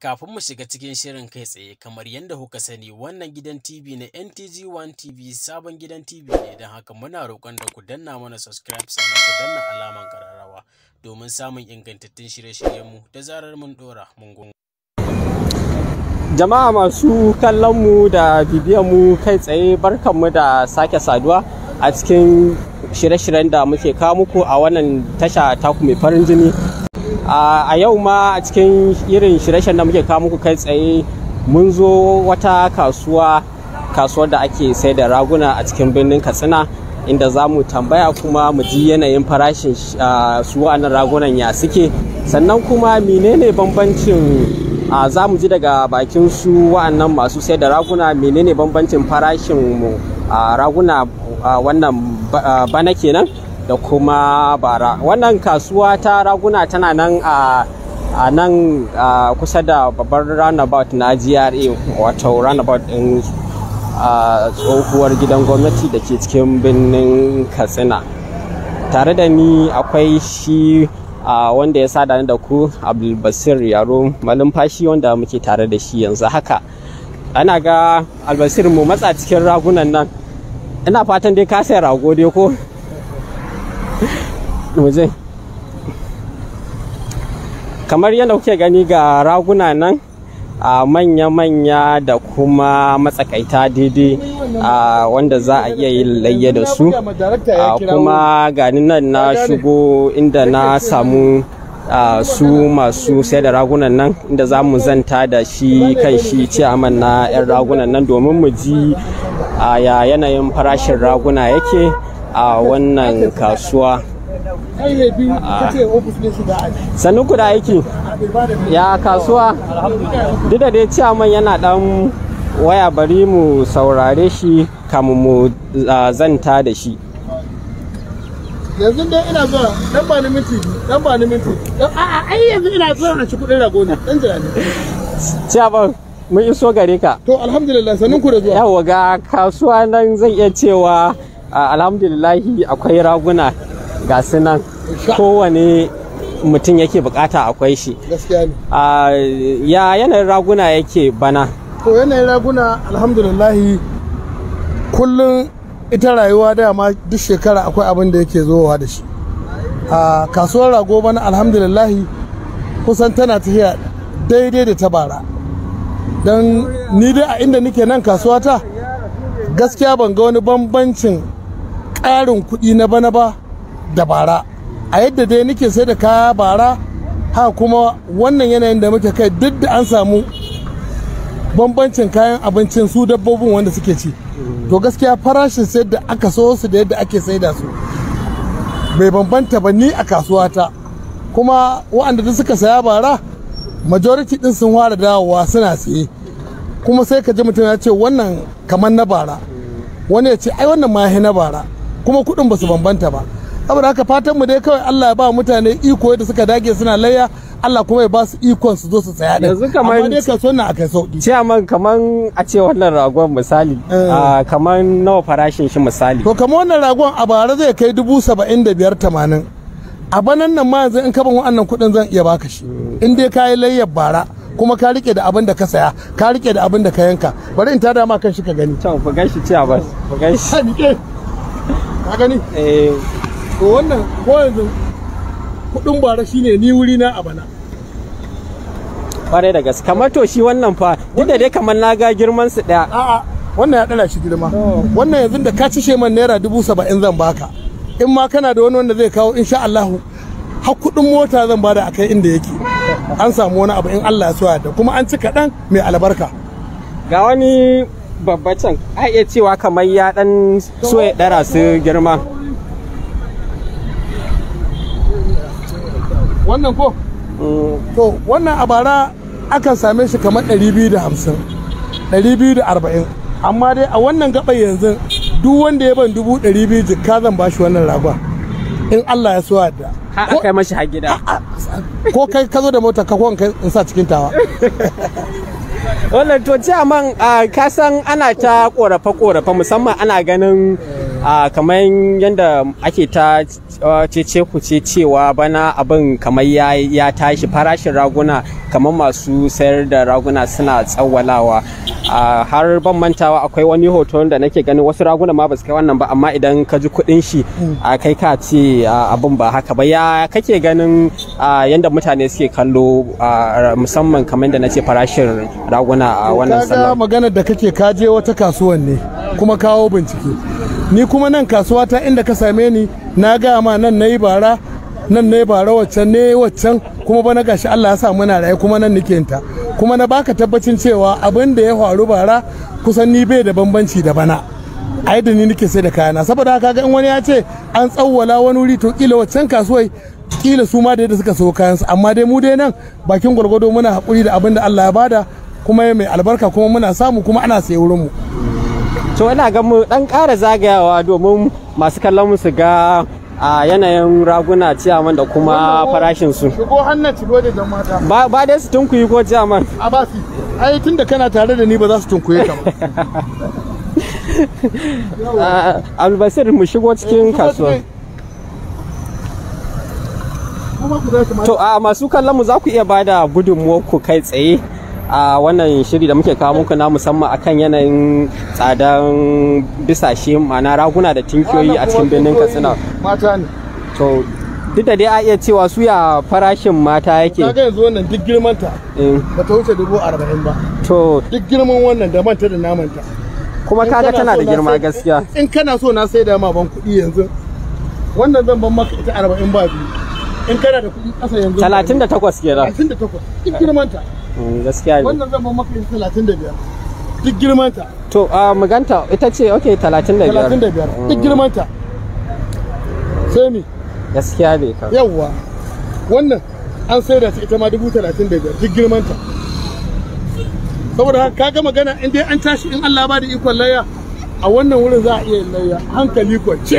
Kafin mu shiga cikin shirin kai tsaye kamar yadda kuka sani wannan gidan TV na NTG1 TV sabon gidan TV ne don haka muna roƙon da ku danna mana subscribe sannan ku danna alaman kararrawa domin samun ingantattun shirye-shiryenmu da zarar mun ɗora mun gungu. Jama'a masu kallon mu da mu kai tsaye barkanmu da sake saduwa a cikin shirye-shiryen da muke kawo muku a wannan tasha taku mai farin jini a yau ma a cikin irin shirashen da muke kawo muku kai tsaye mun zo wata kasuwa kasuwar da ake sai da raguna a cikin birnin katsina inda za mu tambaya kuma mu ji yanayin farashin su wa'annan ragunan ya suke sannan kuma menene bambancin za mu ji daga bakin su wa'annan masu sai da raguna menene bambancin farashin raguna wannan bana kenan da kuma bara wannan kasuwa ta raguna tana nan a a nan kusa da babbar roundabout na gra wato roundabout din tsohuwar gidan gwamnati da ke cikin birnin katsina tare da ni akwai shi wanda ya sada da ku abdulbasir yaro malumfashi wanda muke tare da shi yanzu haka ana ga albasir mu matsa cikin ragunan nan ina fatan dai ka sai rago dai ko kamar yadda kuke gani ga raguna nan a manya-manya da kuma matsakaita daidai a wanda za a iya yi layya da su kuma gani nan na shigo inda na samu a su masu sai da ragunan nan inda za mu zanta da shi kan shi ciyaman na 'yan ragunan nan domin mu ji a yanayin farashin raguna yake a wannan kasuwa ah. sannu ku da aiki ya kasuwa duk da dai ciyaman yana dan waya bari mu saurare shi kamu mu ah, zanta da shi yanzu dai ina zuwa dan ba ni minti dan ba ni minti a'a ai yanzu ina zuwa na ci kudin rago ne dan jira ne ciyaman mun iso gare ka to alhamdulillah sannu ku da zuwa yawa ga kasuwa nan zan iya cewa alhamdulillahi akwai raguna ga sunan kowane mutum yake bukata akwai shi ya yanayin raguna yake bana to yanayin raguna alhamdulillahi kullum ita rayuwa ma duk shekara akwai abin da yake zowa da shi a kasuwar rago bana alhamdulillahi kusan tana tafiya daidai da ta bara don ni dai a inda nike nan kasuwa ta gaskiya ban ga wani bambancin ƙarin kuɗi na bana ba da bara a yadda dai nake sai da kaya bara ha kuma wannan yanayin da muke kai duk da an samu bambancin kayan abincin su dabbobin wanda suke ci to gaskiya farashin sai da aka so su da yadda ake saida su bai bambanta ba ni a kasuwata kuma waɗanda da suka saya bara majority din sun fara dawowa suna tsaye. kuma sai ka ji mutum ya ce wannan kamar na bara wani ya ce ai wannan ma na bara kuma kudin ba su mm. bambanta ba saboda haka fatan mu dai kawai Allah ya ba mutane iko da suka dage suna layya Allah kuma ya ba su ikon su zo su tsaya da yanzu kamar amma dai kaso na akai sauki amma kaman a ce wannan ragon misali eh. kaman nawa farashin shi misali to kamar wannan ragon a bara zai kai dubu saba'in da biyar tamanin a banan nan ma yanzu in ka ban wannan kuɗin zan iya baka shi mm. in dai ka yi layyar bara kuma ka rike da abin da ka saya ka rike da abin da ka yanka bari in tada ma kan shi ka gani to ku gashi ciya ba ku gashi ka gani eh. ko yanzu kudin bara shine ni wuri na a bana kwarai da gaske kamar to shi wannan fa duk da dai kamar na ga girman su daya a'a wannan ya dala shi girma wannan yanzu da ka ci man naira dubu saba'in zan baka in ma kana da wani wanda zai kawo insha Allahu har kuɗin mota zan bada a kai inda yake an samu wani abu in Allah ya so da kuma an ci kaɗan mai albarka ga wani babbacin a iya cewa kamar ya dan so ya dara su girma wannan ko mm. to wannan a bara akan same shi kamar 250 240 amma dai a wannan gabar yanzu duk wanda ya ban dubu ɗari biyu jikka zan ba shi wannan ragwa in Allah ya so da ha kai mashi ha gida ko kai ka zo da motar ka kai in sa cikin tawa wannan to ce man ah, ka san ana ta korafa korafa musamman ana ganin a kamar yadda ake ta uh, cece ce cewa bana abin kamar ya tashi farashin raguna kamar masu sayar da raguna suna tsawalawa har ban mantawa akwai wani hoton da nake ganin wasu raguna ma ba su kai wannan ba amma idan ka ji kuɗin shi a kai ka ce abin ba haka ba ya kake ganin yadda mutane suke kallo musamman kamar da nace farashin raguna a wannan sallah magana da kake kaje wata kasuwan ne kuma kawo bincike ni kuma nan kasuwa ta inda ka same ni na gaya ma nan na yi bara nan yi bara waccan ne waccan kuma ba na gashi Allah ya sa muna raye kuma nan nike ta kuma na baka tabbacin cewa abin da ya faru bara kusan ni bai da bambanci da bana ai da ni nake sai da kayana saboda haka ga in wani ya ce an tsawwala wani wuri to kila waccan kasuwai kila su ma da suka so kayansu amma dai mu dai nan bakin gwargwado muna haƙuri da abin da Allah ya bada kuma mai albarka kuma muna samu kuma ana sayi wurin mu so ina ga mu dan ƙara zagayawa domin masu kallon mu su ga a yanayin raguna ciyaman da kuma farashin su shigo hannun shigo da jan mata ba dai su tunkuyi ko ciyaman a ba su ai tunda kana tare da ni ba za su tunkuye ka ba albasir mu shigo cikin eh, kasuwa to a masu kallon mu za ku iya bada gudunmuwar ku kai tsaye a wannan shiri da muke kawo muku na musamman akan yanayin tsadan bisashe ma'ana raguna da tinkiyoyi a cikin birnin katsina mata ne to duk da dai a iya cewa su ya farashin mata yake ga yanzu wannan duk girman ta eh. ba ta wuce dubu arba'in ba to duk girman wannan da manta da namanta kuma kaga tana da girma gaskiya in kana so na sai da ma ban kuɗi yanzu wannan zan ban maka ita arba'in ba biyu in kana da kuɗi ƙasa yanzu talatin da takwas kenan talatin da takwas duk girman ta Mm, gaskiya ne wannan zan ba maka ita talatin da biyar duk girmanta to a maganta ita ce okay talatin da biyar talatin da mm. sai mi gaskiya ne ka yawwa wannan an sai da ita ma dubu talatin da biyar saboda haka kaga magana in dai an tashi in Allah ba da ikon layya a wannan wurin za a iya yin layya hankali kwance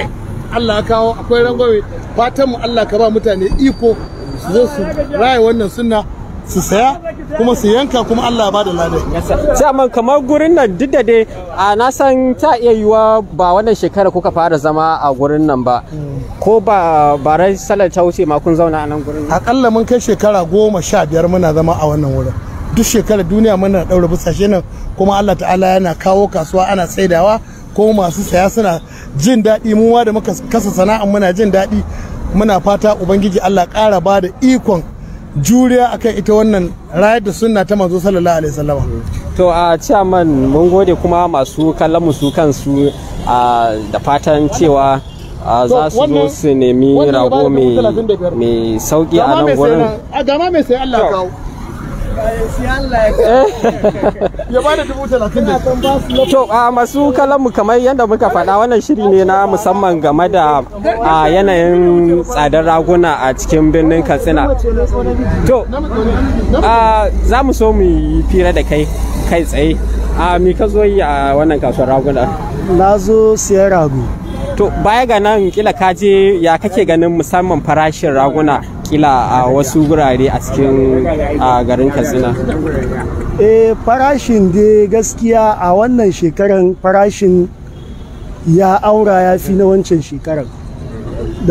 Allah ya kawo akwai rangwame fatan mu Allah ka ba mutane iko su zo su raya wannan sunna su saya kuma su yanka kuma Allah ya bada ladai sai amma kamar gurin nan duk da dai a na san ta iya yiwa ba wannan shekara kuka fara zama a gurin nan ba ko ba ran salar ta wuce ma kun zauna a nan gurin akalla mun kai shekara goma sha biyar muna zama a wannan wurin duk shekara duniya muna daura busashe nan kuma Allah ta'ala yana kawo kasuwa ana saidawa ko masu saya suna jin daɗi mu da muka kasa sana'ar muna jin daɗi muna fata ubangiji Allah ƙara ba da ikon juriya akan ita wannan rayar da sunna ta manzo sallallahu alaihi wasallam to a chairman mun gode kuma masu kallon musu su kansu da fatan cewa za su zo su nemi rago mai sauki a nan gurin Eh. to a masu kalanmu kamar yadda muka faɗa wannan shiri ne na musamman game da yanayin tsadar raguna a cikin birnin katsina to a za mu so mu yi fira da kai kai tsaye a mi ka zo yi a wannan kasuwar raguna na zo siyar ragu. to baya ga nan kila kaje ya kake ganin musamman farashin raguna kila a wasu gurare a cikin garin katsina eh farashin dai gaskiya a wannan shekaran farashin ya aura ya fi na wancan shekaran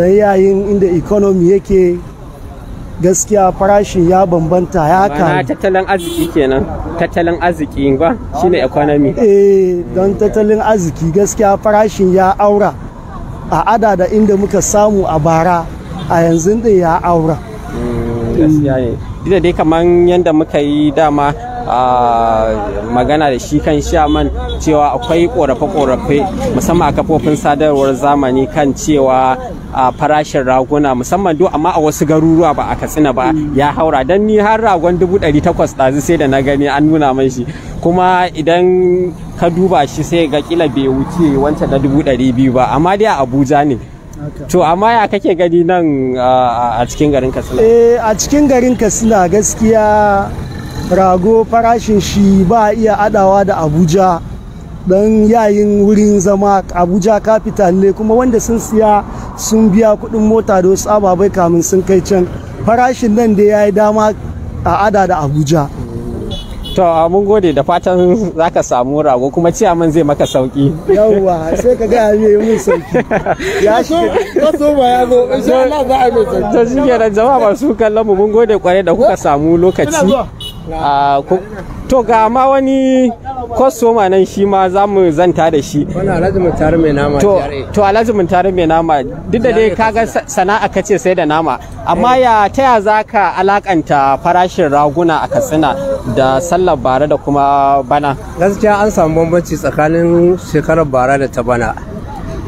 da yayin inda economy yake gaskiya farashin ya bambanta ya na tattalin arziki kenan tattalin arziki ba shine economy eh don tattalin arziki gaskiya farashin ya aura a adada inda muka samu a bara a yanzu da ya aura mm, gaskiya dai kamar yadda muka yi dama magana da shi kan shaman cewa akwai korafe-korafe musamman a kafofin sadarwar zamani kan cewa a farashin raguna musamman do amma a wasu garuruwa ba a katsina ba mm. ya haura don ni har ragon dubu ɗari takwas ɗazu sai da na gani an nuna man shi kuma idan ka duba shi sai ga kila bai wuce wancan na dubu ɗari biyu ba amma dai a abuja ne to amma ya kake gani nan a cikin garin katsina eh a cikin garin katsina gaskiya rago farashin shi ba iya adawa da abuja don yayin wurin zama abuja capital ne kuma wanda sun siya sun biya kudin mota da wasu ababai kamin sun kai can farashin nan da ya yi dama a ada da abuja to mun gode da fatan za ka samu rago kuma mun zai maka sauki yawwa sai ka ga ya yi mun sauki ya so ya so ba ya zo insha Allah za a yi sauki to shi kenan jama'a masu kallon mu mun gode kware da kuka samu lokaci to ga ma wani kwasoma nan shi ma za mu zanta da shi wani Mun tare mai nama to Mun tare mai nama duk da dai kaga sana'a ka ce sai da nama amma ya taya za ka alakanta farashin raguna a katsina da sallar bara da kuma bana gaskiya an samu bambanci tsakanin shekarar bara da ta bana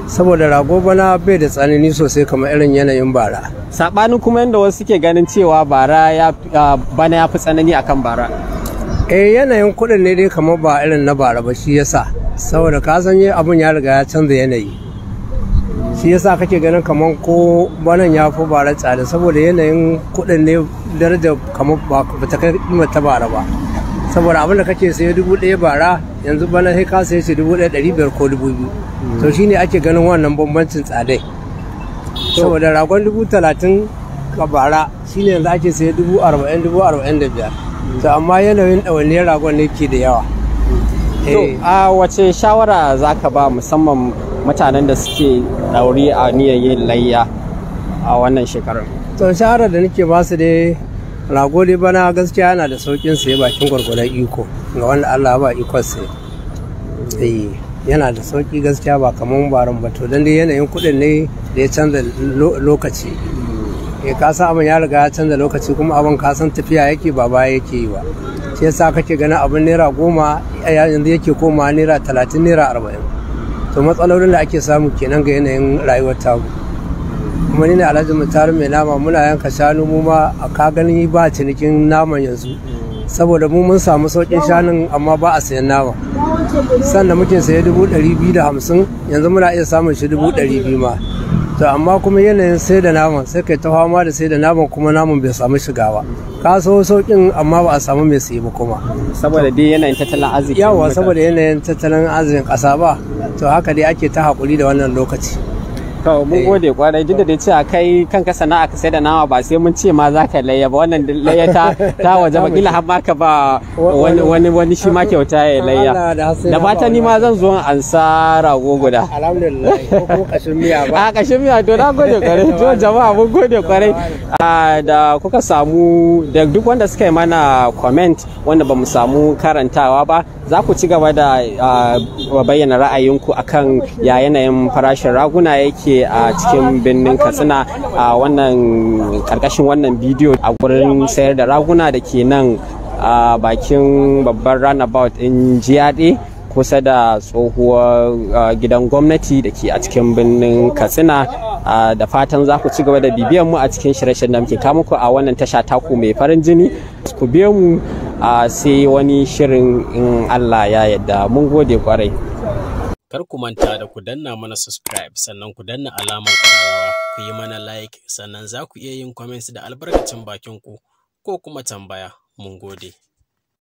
saboda rago bana bai da tsanani sosai kamar irin yanayin bara saɓanin kuma yadda wasu suke ganin cewa bara ya bana ya fi tsanani akan bara eh yanayin kuɗin ne dai kamar ba irin na bara ba shi yasa saboda ka san abin ya riga ya canza yanayi shi yasa kake ganin kamar ko banan ya fi bara tsada saboda yanayin kuɗin ne darajar kamar ba ta kai ta bara ba saboda abin da kake saye dubu ɗaya bara yanzu bana sai ka saye shi dubu ɗaya ɗari biyar ko dubu biyu to hmm. shine ake ganin wannan bambancin tsadai saboda ragon dubu talatin ka bara shine yanzu ake saye dubu arba'in dubu arba'in da biyar to amma yanayin ɗawainiyar ragon ne ke da yawa eh. a wace shawara za ka ba musamman mutanen da suke dauri a niyan yin layya a wannan shekarar to shahara da nake ba su dai rago dai bana gaskiya yana da saukin sai bakin gwargwadon iko ga wanda Allah ba ikon sai eh, yana da sauki gaskiya ba kamar barin ba to dan dai yanayin kuɗin ne da ya canza lokaci ya eh, kasa abin ya riga ya canza lokaci kuma abin kasan tafiya yake ba baya yake yi ba shi yasa kake ganin abin naira goma yanzu yake koma naira talatin naira arba'in to matsalolin da ake samu kenan ga yanayin rayuwar tagu. kuma ni ne alhaji mutarin mai nama muna yanka shanu mu ma a ka ganin ba cinikin naman yanzu saboda mu mun samu sauƙin shanun amma ba a sayan nama sannan muke saye dubu ɗari biyu da hamsin yanzu muna iya samun shi dubu ɗari biyu ma to amma kuma yanayin sai da naman sai kai ta fama da sai da naman kuma naman bai samu shiga ba ka so saukin amma ba a samu mai sayi ba kuma saboda dai yanayin tattalin arziki yawa saboda yanayin tattalin arzikin ƙasa ba to haka dai ake ta haƙuri da wannan lokaci to mun eh. gode kwarai duk da dai cewa kai kanka sana'a ka sai da nama ba sai mun ce ma za ka layya ba wannan layya ta ta waje ba kila har ma ka ba wani wani wani shi ma kyauta ya layya da fata ni ma zan zo an sa rago guda alhamdulillah ko kashin miya ba a kashin miya to na gode kwarai to jama'a mun gode kwarai da kuka samu da duk wanda suka yi mana comment wanda ba mu samu karantawa ba za ku ci gaba da bayyana ra'ayinku akan ya yanayin farashin raguna yake suke a cikin birnin katsina a wannan karkashin wannan bidiyo a wurin sayar da raguna da ke nan a bakin babban runabout in jiyaɗe kusa da tsohuwar gidan gwamnati da ke a cikin birnin katsina da fatan za ku ci gaba da bibiyan mu a cikin shirye-shiryen da muke muku a wannan tasha taku mai farin jini ku biye mu sai wani shirin in allah ya yadda mun gode kwarai Kar ku manta da ku danna mana subscribe sannan ku danna alamar ƙararrawa ku yi mana like sannan za ku iya yin comments da albarkacin bakin ku ko kuma tambaya. Mun gode.